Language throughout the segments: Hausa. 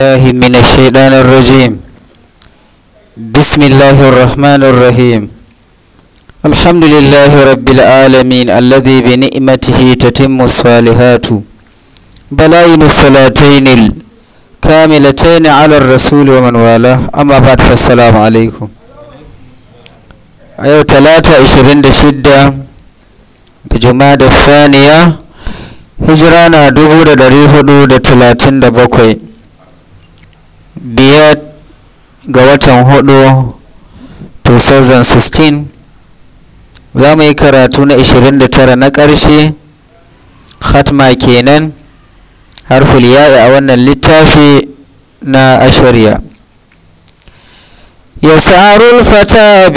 الله من الشيطان الرجيم بسم الله الرحمن الرحيم الحمد لله رب العالمين الذي بنعمته تتم الصالحات بلاين الصلاتين الكاملتين على الرسول ومن والاه أما بعد فالسلام عليكم أيوة ثلاثة عشرين شدة بجماد الثانية هجرانا دبور دريه دود تلاتين دبوكوي biyar ga watan hudu 2016 za mu yi karatu na 29 na karshe khatma kenan harful yaya a wannan littafi na ashirya. ya sarul fata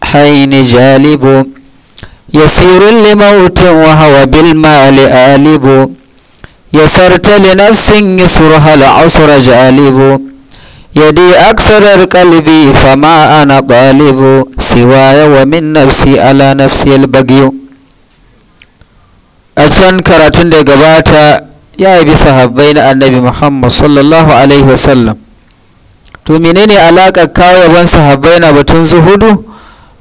haini jalibu ya sirin limautin wahawa bilmali alibu يسرت لنفس يسرها العسر جالب يدي أكثر القلب فما أنا طالب سواي ومن نفسي على نفسي البقي أتشان كراتين دي ya يا أبي صحابين النبي محمد صلى الله عليه وسلم to menene alaƙar ban sahabbai na batun zuhudu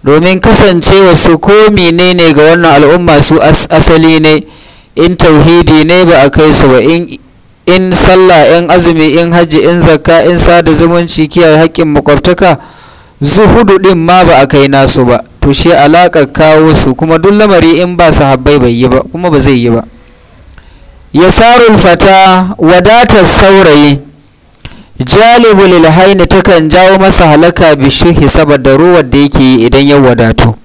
domin kasancewa su ko menene ga wannan al'umma su asali ne in tauhidi ne ba a kai su ba in sallah in azumi in hajji in zakka in sada zumunci kiyaye haƙƙin makwabtaka zuhudu ɗin ma ba a kai nasu ba to shi alaƙa kawo su kuma duk lamari in ba su habbai bai yi ba kuma ba zai yi ba yasarul fata wadatar saurayi jalibu lil haini takan jawo masa halaka bishuhi saboda ruwar da yake yi idan ya wadatu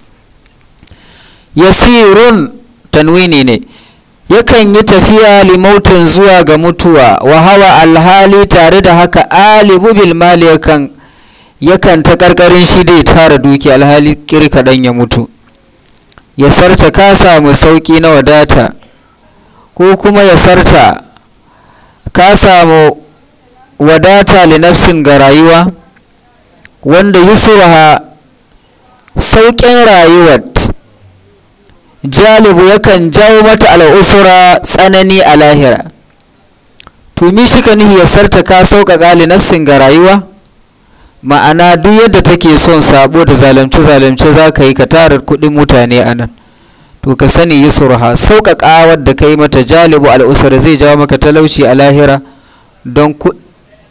yasirun tanwini ne yakan yi tafiya limautin zuwa ga mutuwa wa hawa alhali tare da haka alibu bil mali yakan yakan ta karkarin shi dai tara duki alhali kirka dan ya mutu ya sarta ka samu sauki na wadata ko kuma ya sarta ka samu wadata nafsin ga rayuwa wanda yusraha sauƙin rayuwar jalibu yakan jawo mata al'usura tsanani a lahira to mi shi ka nihi sarta ka sauƙaƙa li nafsin ga rayuwa ma'ana duk yadda take son sabo da zalunce zalunce za ka yi ka tarar kuɗin mutane a nan to ka sani yi surha sauƙaƙa wadda ka yi mata jalibu al'usura zai jawo maka talauci a lahira don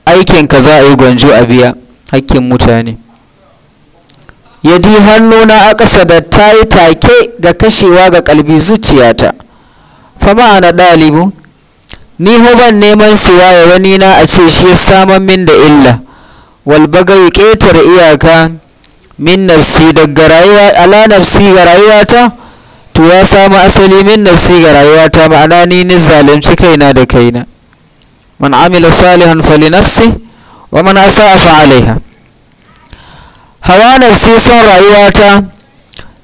aikin ka za a yi gwanjo a biya hakkin mutane yadi hannuna a ƙasa da ta yi take ga kashewa ga ƙalbi zuciyata fa ma'ana ɗalibu ni ban neman su ya wani na a ce shi ya samar min da illa walbagai ƙetare iyaka min nafsi daga rayuwa ala nafsi ga rayuwata to ya samu asali min nafsi ga rayuwata ma'ana ni ni zalunci kaina da kaina man amila salihan fali nafsi wa man asa'a fa alaiha hawa nafsi son rayuwata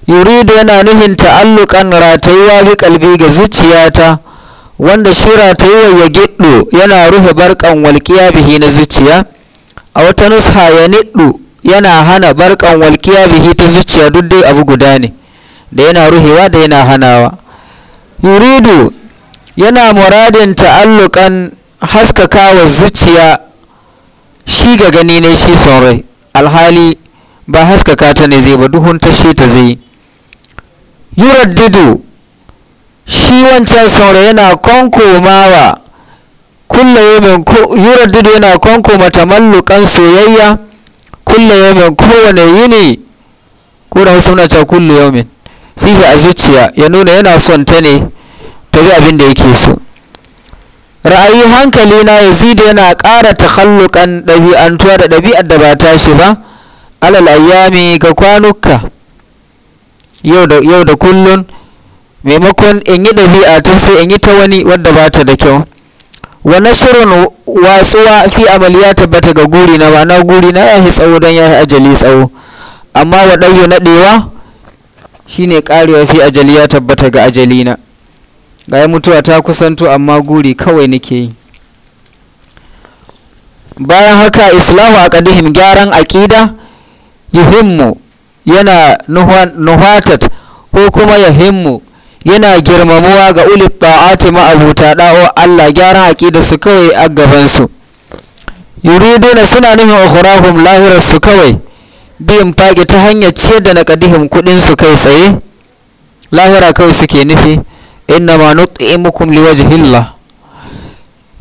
yuridu yana nuhin ta'allukan ratayuwa bi kalbi ga zuciyata wanda shi ratayuwa ya giddo yana rufe barkan walƙiya bihi na zuciya a wata nusha ya niddu yana hana barkan walƙiya bihi ta zuciya duk dai abu guda ne da yana ruhewa da yana hanawa yuridu yana muradin ta'allukan haskakawa zuciya shi ga gani ne shi son rai alhali ba haskaka ta ne zai ba duhun tashe ta zai dido shi wancan saura yana konkomawa kulla yamin dido yana konkoma mallukan soyayya kulla yamin kowane yini ko da hausa muna cewa kulla yamin fihi a zuciya ya nuna yana son ta ne ta bi abin da yake so ra'ayi hankali na da yana ƙara takhalluqan ɗabi'antuwa da ɗabi'ar da ba ta shi ba alal ayyami ga kwanuka yau da kullun maimakon in yi ɗabi'a ta sai in yi ta wani wadda ba ta da kyau wa nashrun wasuwa fi amaliya tabbata ga guri na ba na guri na yahi tsawo don yahi ajali tsawo amma wa ɗayyo naɗewa shine ƙarewa fi ajali ya tabbata ga ajali na ga mutuwa ta kusanto amma guri kawai nake yi bayan haka islahu ƙadihin gyaran aƙida. yuhimmu yana nuhatat ko kuma yahimmu yana girmamuwa ga ulil ta'ati ma'abuta da'o Allah gyaran aqida su kawai a gaban su yuriduna suna nufin ukhrahum lahirar su kawai biyan fage ta hanyar ciyar da naqadihim kudin su kai tsaye lahira kawai suke nufi inna ma nut'imukum liwajhillah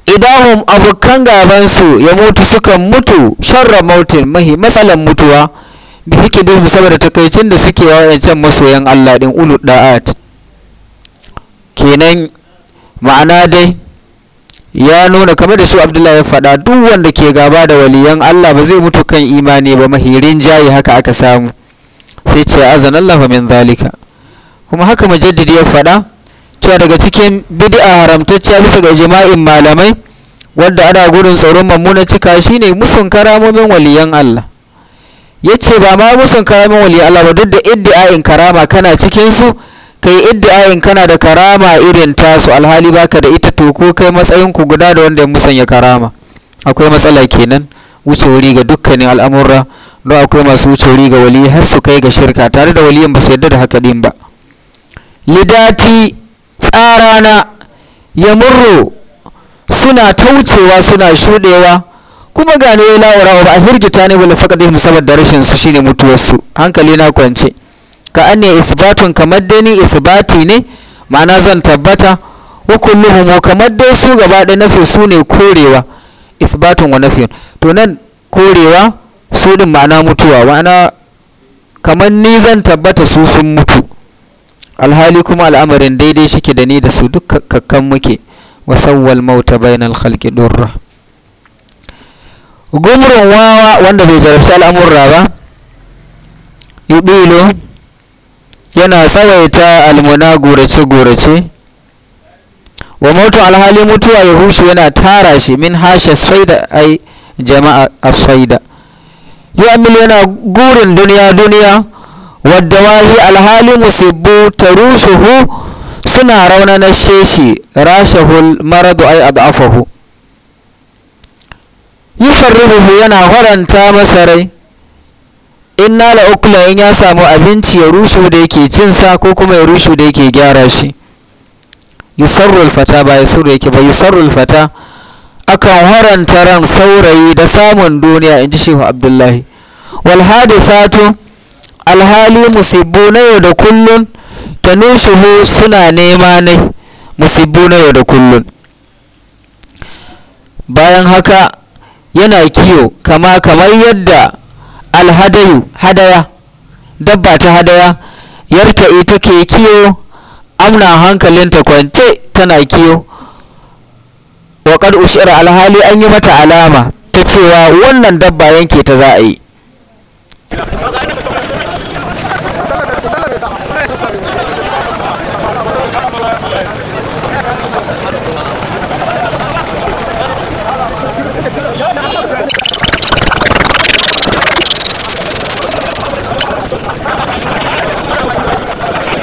idahum abokan gaban su ya mutu suka mutu sharra mautin mahi matsalan mutuwa da hake saboda takaicin da suke wa wayancan masoyan Allah din ulu da'at kenan ma'ana dai ya nuna kamar da shi Abdullahi ya faɗa duk wanda ke gaba da waliyan Allah ba zai mutu kan imani ba mahirin jayi haka aka samu sai ce azan azanallahu min zalika kuma haka mujaddidi ya faɗa cewa daga cikin bid'a haramtacciya bisa ga jima'in malamai wadda ana gudun tsoron mammunan cika shine musun karamomin waliyan Allah ya ce ba ma musun karamin wali Allah ba duk da iddi'ayin karama kana cikin su kai iddi'ayin kana da karama irin tasu alhali baka da ita to ko kai matsayin ku guda da wanda ya musanya karama akwai matsala kenan wuce wuri ga dukkanin al'amura don akwai masu wuce wuri ga wali har su kai ga shirka tare da waliyan ba su yarda da haka din ba lidati tsarana ya murro suna ta wucewa suna shuɗewa kuma gano ya lawara ba a hirgita ne wala faƙa mu saboda rashin su shine mutuwarsu hankali na kwance ka an ne isbatun kamar dai ni isbati ne ma'ana zan tabbata wa kulluhum kamar dai su gaba da nafi su ne korewa isbatun wa nafi to nan korewa su din ma'ana mutuwa ma'ana kamar ni zan tabbata su sun mutu alhali kuma al'amarin daidai shike da ni da su duk kakkan muke wasawwal mauta bainal khalqi durra gumurin wawa wanda bai zarafci al'amurra ba yubilu yana tsawaita almuna gurace-gurace wa mutu alhali mutuwa ya hushe yana tara shi min hashe saida ai jama'a a saida yana gurin duniya duniya wadda wahi alhali musibu ta rushe hu suna raunana sheshi rashahul maradu ai adafahu yufarrihu yana faranta masa rai na la ukula in ya samu abinci ya rushe da yake cin sa ko kuma ya rushe da yake gyara shi yusarrul fata ba da yake ba yusarrul fata akan haranta ran saurayi da samun duniya in ji shehu abdullahi wal hadithatu alhali musibbu na yau da kullun tanushuhu suna nema ne musibbu na yau da kullun bayan haka yana kiwo kama kamar yadda alhadayu hadaya dabba ta hadaya ita ke kiyo amna hankalinta kwance tana kiyo waƙar ushira alhali an yi mata alama ta cewa wannan dabba yanke ta za a yi